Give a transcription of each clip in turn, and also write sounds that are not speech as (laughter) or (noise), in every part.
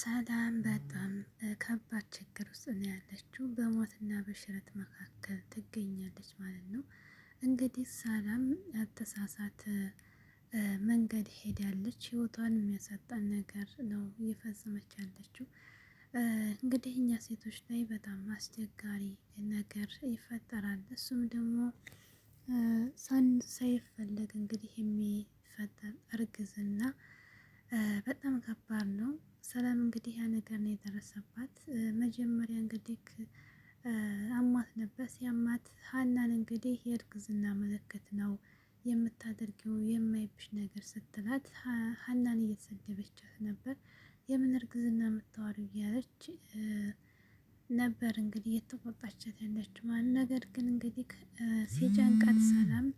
ሰላም በጣም ከባድ ችግር ውስጥ ነው ያለችው። በሞትና በሽረት መካከል ትገኛለች ማለት ነው። እንግዲህ ሰላም ያተሳሳት መንገድ ሄዳለች። ህይወቷን የሚያሳጣን ነገር ነው እየፈጸመች ያለችው። እንግዲህ እኛ ሴቶች ላይ በጣም አስቸጋሪ ነገር ይፈጠራል። እሱም ደግሞ ሳይፈለግ እንግዲህ የሚፈጠር እርግዝና በጣም ከባድ ነው። ሰላም እንግዲህ ያ ነገር ነው የደረሰባት። መጀመሪያ እንግዲህ አማት ነበር። ሲያማት ሀናን እንግዲህ የእርግዝና ምልክት ነው የምታደርጊው የማይብሽ ነገር ስትላት ሀናን እየተሰደበቻት ነበር። የምን እርግዝና የምታዋሪ እያለች ነበር እንግዲህ የተቆጣቻት ያለችው። ነገር ግን እንግዲህ ሲጨንቃት ሰላም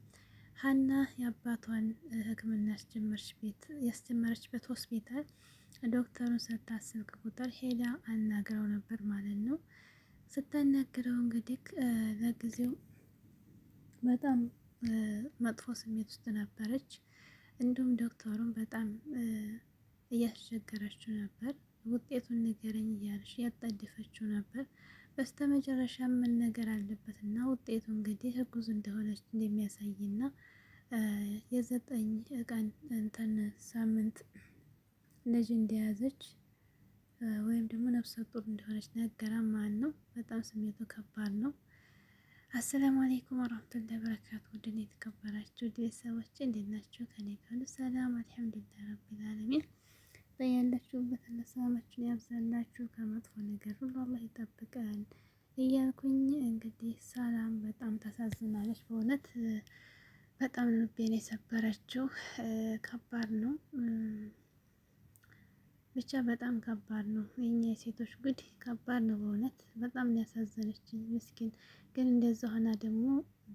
ሀና የአባቷን ሕክምና ያስጀመረችበት ሆስፒታል ዶክተሩን ስታስልክ ቁጥር ሄዳ አናግረው ነበር ማለት ነው። ስታናግረው እንግዲህ ለጊዜው በጣም መጥፎ ስሜት ውስጥ ነበረች። እንዲሁም ዶክተሩን በጣም እያስቸገረችው ነበር። ውጤቱን ንገረኝ እያለች ያጣደፈችው ነበር። በስተመጨረሻ ምን ነገር አለበት እና ውጤቱ እንግዲህ እርጉዝ እንደሆነች እንደሚያሳይና የዘጠኝ ቀን እንትን ሳምንት ልጅ እንደያዘች ወይም ደግሞ ነፍሰ ጡር እንደሆነች ነገራ ማን ነው። በጣም ስሜቱ ከባድ ነው። አሰላሙ አሌይኩም ወራህመቱላሂ ወበረካቱ። ውድ የተከበራችሁ ቤተሰቦች እንዴት ናችሁ? ከኔ ጋር ሰላም አልሐምዱሊላሂ ረቢል ዓለሚን በያላችሁበት ሰላማችሁን ያብዛላችሁ ከመጥፎ ነገር ሁሉ አላህ ይጠብቀን እያልኩኝ እንግዲህ ሰላም በጣም ታሳዝናለች። በእውነት በጣም ልቤን የሰበረችው ከባድ ነው። ብቻ በጣም ከባድ ነው። የኛ የሴቶች ጉድ ከባድ ነው። በእውነት በጣም ያሳዘነችኝ። ምስኪን ግን እንደዛ ሆና ደግሞ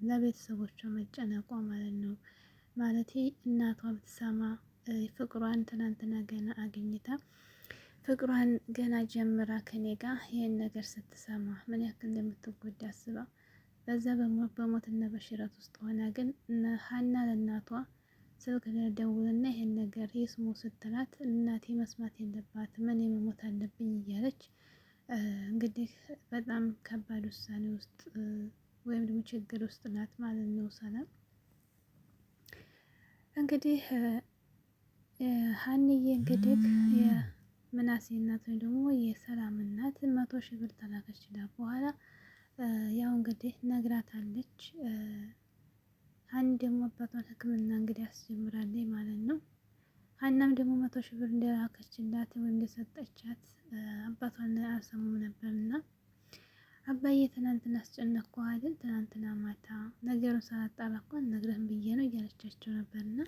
ለቤተሰቦቿ መጨነቋ ማለት ነው። ማለት እናቷ ብትሰማ ፍቅሯን ትናንትና ገና አግኝታ ፍቅሯን ገና ጀምራ ከኔ ጋር ይህን ነገር ስትሰማ ምን ያክል እንደምትጎዳ አስባ በዛ በሞትና በሽረት ውስጥ ሆና ግን ሀና ለእናቷ ስልክ ደውልና ይህን ነገር ይስሙ ስትላት እናቴ መስማት የለባትም እኔ መሞት አለብኝ እያለች እንግዲህ በጣም ከባድ ውሳኔ ውስጥ ወይም ደግሞ ችግር ውስጥ ናት ማለት ነው። ሰላም እንግዲህ ሀንዬ እንግዲህ የምናሴ እናት ወይም ደግሞ የሰላም እናት መቶ ሺህ ብር ተላከችላት። በኋላ ያው እንግዲህ ነግራታለች። ሀኒ ደግሞ አባቷን ሕክምና እንግዲህ አስጀምራለች ማለት ነው። ሀናም ደግሞ መቶ ሺህ ብር እንደላከችላት ወይም እንደሰጠቻት አባቷን አልሰሙም ነበርና አባዬ ትናንትና አስጨነቅኩ አይደል? ትናንትና ማታ ነገሩን ሳላጣራ እኮ አልነግረህም ብዬ ነው እያለቻቸው ነበርና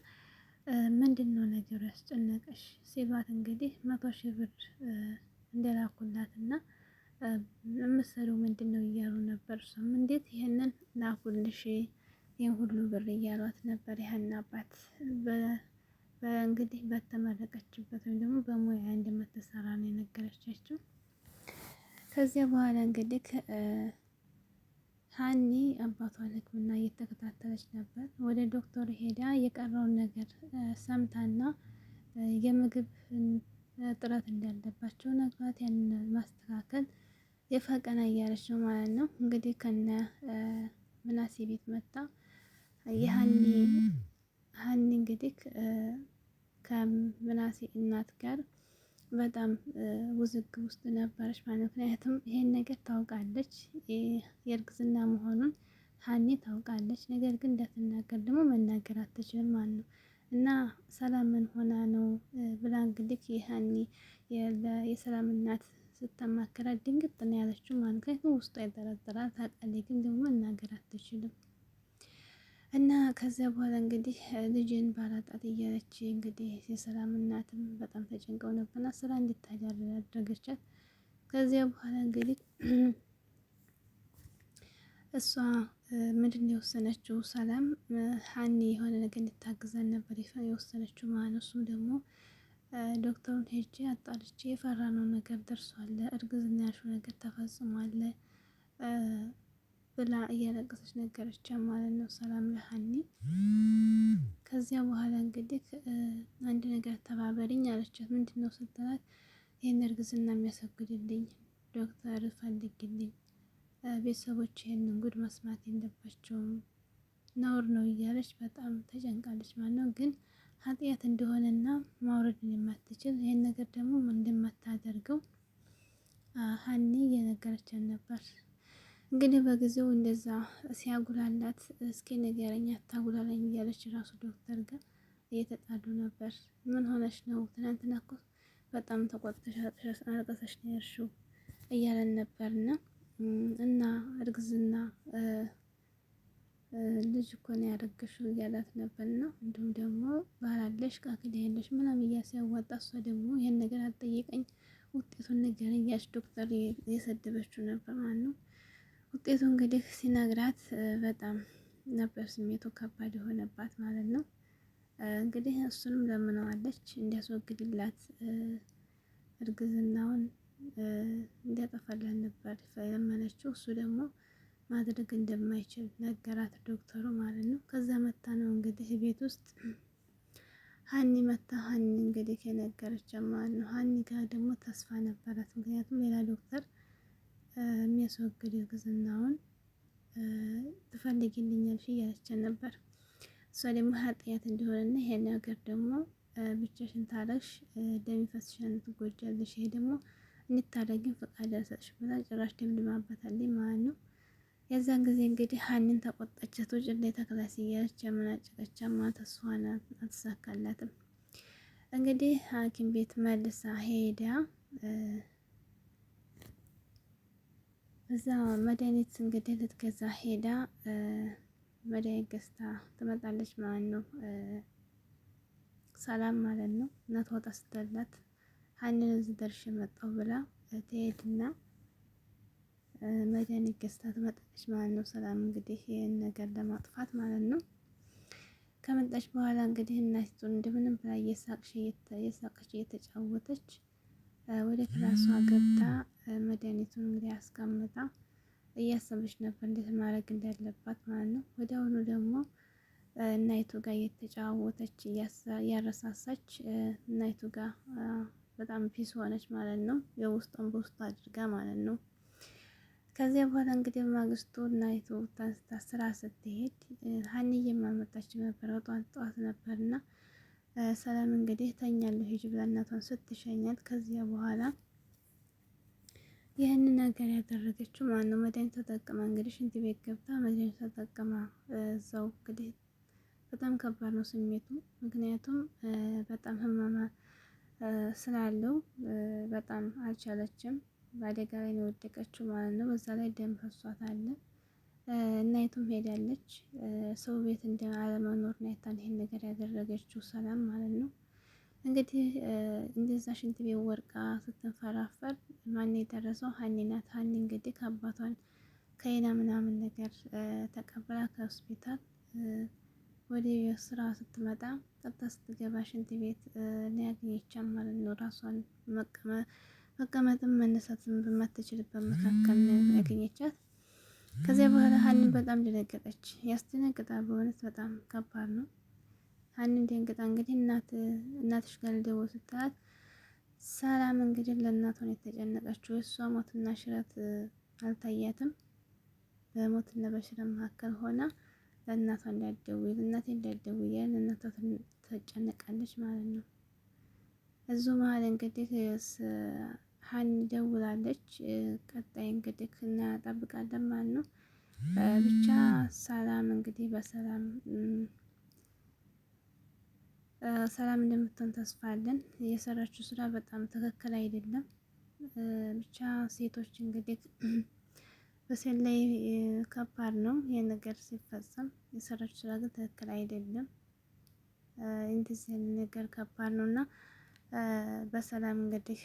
ምንድን ነው ነገሩ ያስጨነቀሽ ሲሏት እንግዲህ መቶ ሺህ ብር እንደላኩላት እና የምትሰሪው ምንድን ነው እያሉ ነበር። እሷም እንዴት ይህንን ላኩልሽ ይህን ሁሉ ብር እያሏት ነበር። ያህና አባት እንግዲህ በተመረቀችበት ወይም ደግሞ በሙያ እንደምትሰራ ነው የነገረቻቸው። ከዚያ በኋላ እንግዲህ ሀኒ አባቷን ሕክምና እየተከታተለች ነበር። ወደ ዶክተሩ ሄዳ የቀረውን ነገር ሰምታና የምግብ እጥረት እንዳለባቸው ነግሯት ያንን ማስተካከል የፈቀና እያለች ነው ማለት ነው። እንግዲህ ከነ ምናሴ ቤት መጣ የሀኒ ሀኒ እንግዲህ ከምናሴ እናት ጋር በጣም ውዝግብ ውስጥ ነበረች ማለት ምክንያቱም ይሄን ነገር ታውቃለች የእርግዝና መሆኑን ሀኔ ታውቃለች። ነገር ግን እንዳትናገር ደግሞ መናገር አትችልም ማለት ነው እና ሰላም ምን ሆና ነው ብላ እንግዲህ የሀኒ የሰላም እናት ስታማከራት ድንግጥ ነው ያለችው ማለት ምክንያቱም ውስጡ ይጠረጥራል ታውቃለች፣ ግን ደግሞ መናገር አትችልም። እና ከዚያ በኋላ እንግዲህ ልጅን ባላጣት እያለች እንግዲህ የሰላም እናትም በጣም ተጨንቀው ነበርና ስራ እንድታደር ያደረገቻት። ከዚያ በኋላ እንግዲህ እሷ ምንድን የወሰነችው ሰላም ሀኒ የሆነ ነገር እንድታግዛን ነበር የወሰነችው ማለት ነው። እሱም ደግሞ ዶክተሩን ሄጄ አጣርቼ የፈራነው ነገር ደርሷል፣ እርግዝና ያልሽው ነገር ተፈጽሟል ብላ እያለቀሰች ነገረች ማለት ነው። ሰላም ለሀኒ። ከዚያ በኋላ እንግዲህ አንድ ነገር ተባበሪኝ አለቻት። ምንድን ነው ስትላት ይህን እርግዝና የሚያስወግድልኝ ዶክተር ፈልግልኝ፣ ቤተሰቦች ይህንን ጉድ መስማት የለባቸውም ነውር ነው እያለች በጣም ተጨንቃለች ማለት ነው። ግን ኃጢአት እንደሆነና ማውረድ የማትችል ይህን ነገር ደግሞ እንደማታደርገው ሀኒ እየነገረችን ነበር። እንግዲህ በጊዜው እንደዛ ሲያጉላላት እስኪ ንገረኝ አታጉላለኝ እያለች ራሱ ዶክተር ጋር እየተጣሉ ነበር። ምን ሆነች ነው ትናንትና እኮ በጣም ተቆጥተሽ አልቀሰሽ ነው ያልሺው እያለን ነበርና እና እርግዝና ልጅ እኮ ነው ያደረግሽው እያላት ነበርና እንዲሁም ደግሞ ባላለሽ ቃክል ያለሽ ምናምን እያ ሲያዋጣ እሷ ደግሞ ይህን ነገር አልጠየቀኝ ውጤቱን ንገረኝ እያለች ዶክተር እየሰደበችው ነበር ማለት ነው። ውጤቱ እንግዲህ ሲነግራት በጣም ነበር ስሜቱ ከባድ የሆነባት ማለት ነው። እንግዲህ እሱንም ለምነዋለች እንዲያስወግድላት እርግዝናውን እንዲያጠፋላት ነበር የለመነችው። እሱ ደግሞ ማድረግ እንደማይችል ነገራት ዶክተሩ ማለት ነው። ከዛ መታ ነው እንግዲህ ቤት ውስጥ ሀኒ መታ ሀኒ እንግዲህ የነገረች ማለት ነው። ሀኒ ጋር ደግሞ ተስፋ ነበራት፣ ምክንያቱም ሌላ ዶክተር የሚያስወግድ እርግዝናውን ትፈልጊልኛለሽ እያለችን ነበር። እሷ ደግሞ ኃጢአት እንደሆነና ይሄን ነገር ደግሞ ብቻሽን ታረግሽ ደም ይፈስሻል፣ ትጎጃለሽ፣ ይሄ ደግሞ እንድታረግን ፈቃድ ያልሰጥሽ ብላ ጭራሽ ደምድማባታለች ማለት ነው። የዛን ጊዜ እንግዲህ ሀኒን ተቆጣቻት። ውጭ ላይ ተክላስ እያለች የምናጭቀቻ ማለት እሷን አልተሳካላትም። እንግዲህ ሐኪም ቤት መልሳ ሄዳ እዛ መድኃኒት እንግዲህ ልትገዛ ሄዳ መድኃኒት ገዝታ ትመጣለች ማለት ነው። ሰላም ማለት ነው። እናት ወጣ ስትላት ሀኒን እዚህ ደርሼ መጣሁ ብላ ትሄድና መድኃኒት ገዝታ ትመጣለች ማለት ነው። ሰላም እንግዲህ ይህን ነገር ለማጥፋት ማለት ነው። ከመጣች በኋላ እንግዲህ እናቲቱ እንደምንም ብላ እየሳቅሽ እየተጫወተች ወደ ክላሷ ገብታ መድኃኒቱን እንግዲህ አስቀምጣ እያሰበች ነበር እንዴት ማድረግ እንዳለባት ማለት ነው። ወዲያውኑ ደግሞ እናይቱ ጋር እየተጫወተች እያረሳሳች እናይቱ ጋር በጣም ፒስ ሆነች ማለት ነው። የውስጡን በውስጡ አድርጋ ማለት ነው። ከዚያ በኋላ እንግዲህ ማግስቱ እናይቱ ተነስታ ስራ ስትሄድ ሀኒዬ የማመጣች ነበር ጠዋት ጠዋት ነበርና ሰላም እንግዲህ ተኛለሁ ሂጅ ብላ እናቷን ስትሸኛት ከዚያ በኋላ ይህን ነገር ያደረገችው ማነው? መድኃኒት ተጠቅማ እንግዲህ ሽንት ቤት ገብታ መድኃኒት ተጠቅማ እዛው እንግዲህ በጣም ከባድ ነው ስሜቱ። ምክንያቱም በጣም ህመማ ስላለው በጣም አልቻለችም። በአደጋ ላይ ነው የወደቀችው ማለት ነው። በዛ ላይ ደም ፈሷት ፈሷታል። እናይቱም ሄዳለች። ሰው ቤት እንደ አለመኖር ናይታን ይህን ነገር ያደረገችው ሰላም ማለት ነው። እንግዲህ እንደዛ ሽንት ቤት ወርቃ ስትንፈራፈር ማን የደረሰው ሀኒ ናት። ሀኒ እንግዲህ ከአባቷን ከይና ምናምን ነገር ተቀብላ ከሆስፒታል ወደ ስራ ስትመጣ ቀጥታ ስትገባ ሽንት ቤት ሊያገኘቻት ማለት ነው። ራሷን መቀመጥም መነሳትም በማትችልበት መካከል ያገኘቻት። ከዚያ በኋላ ሀኒን በጣም ደነገጠች። ያስደነግጣል በእውነት በጣም ከባድ ነው። ሀኒም ደንግጣ እንግዲህ እናት እናትሽ ጋር ልደውል ስትላት ሰላም እንግዲህ ለእናቷ ነው የተጨነቀችው። እሷ ሞትና ሽረት አልታያትም። በሞትና በሽረት መካከል ሆና ለእናቷ እንዳትደውል እናቴ እንዳትደውል እያለ እናቷ ተጨነቃለች ማለት ነው። እዙ መሀል እንግዲህ ሀኒ ደውላለች። ቀጣይ እንግዲህ እናጠብቃለን ማለት ነው። ብቻ ሰላም እንግዲህ በሰላም ሰላም እንደምትሆን ተስፋለን። አለን። የሰራችው ስራ በጣም ትክክል አይደለም። ብቻ ሴቶች እንግዲህ (clears throat) በሴት ላይ ከባድ ነው ይሄ ነገር ሲፈጸም። የሰራችው ስራ ግን ትክክል አይደለም። እንደዚህ ነገር ከባድ ነው እና በሰላም እንግዲህ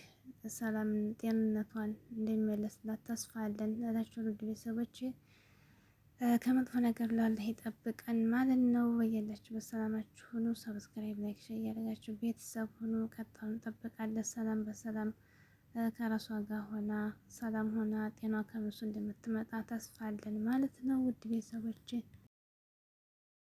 ሰላም ጤንነቷን እንደሚመለስላት ተስፋ አለን እላችሁ ውድ ቤተሰቦቼ ከመጥፎ ነገር ላለህ ይጠብቀን ማለት ነው። በያላችሁበት ሰላማችሁ ሁኑ። ሰብስክራይብ፣ ላይክ፣ ሼር እያደረጋችሁ ቤተሰብ ሁኑ። ቀጣውን እንጠብቃለን። ሰላም በሰላም ከራሷ ጋር ሆና ሰላም ሆና ጤናዋ ከብሱ እንደምትመጣ ተስፋ አለን ማለት ነው። ውድ ቤተሰቦችን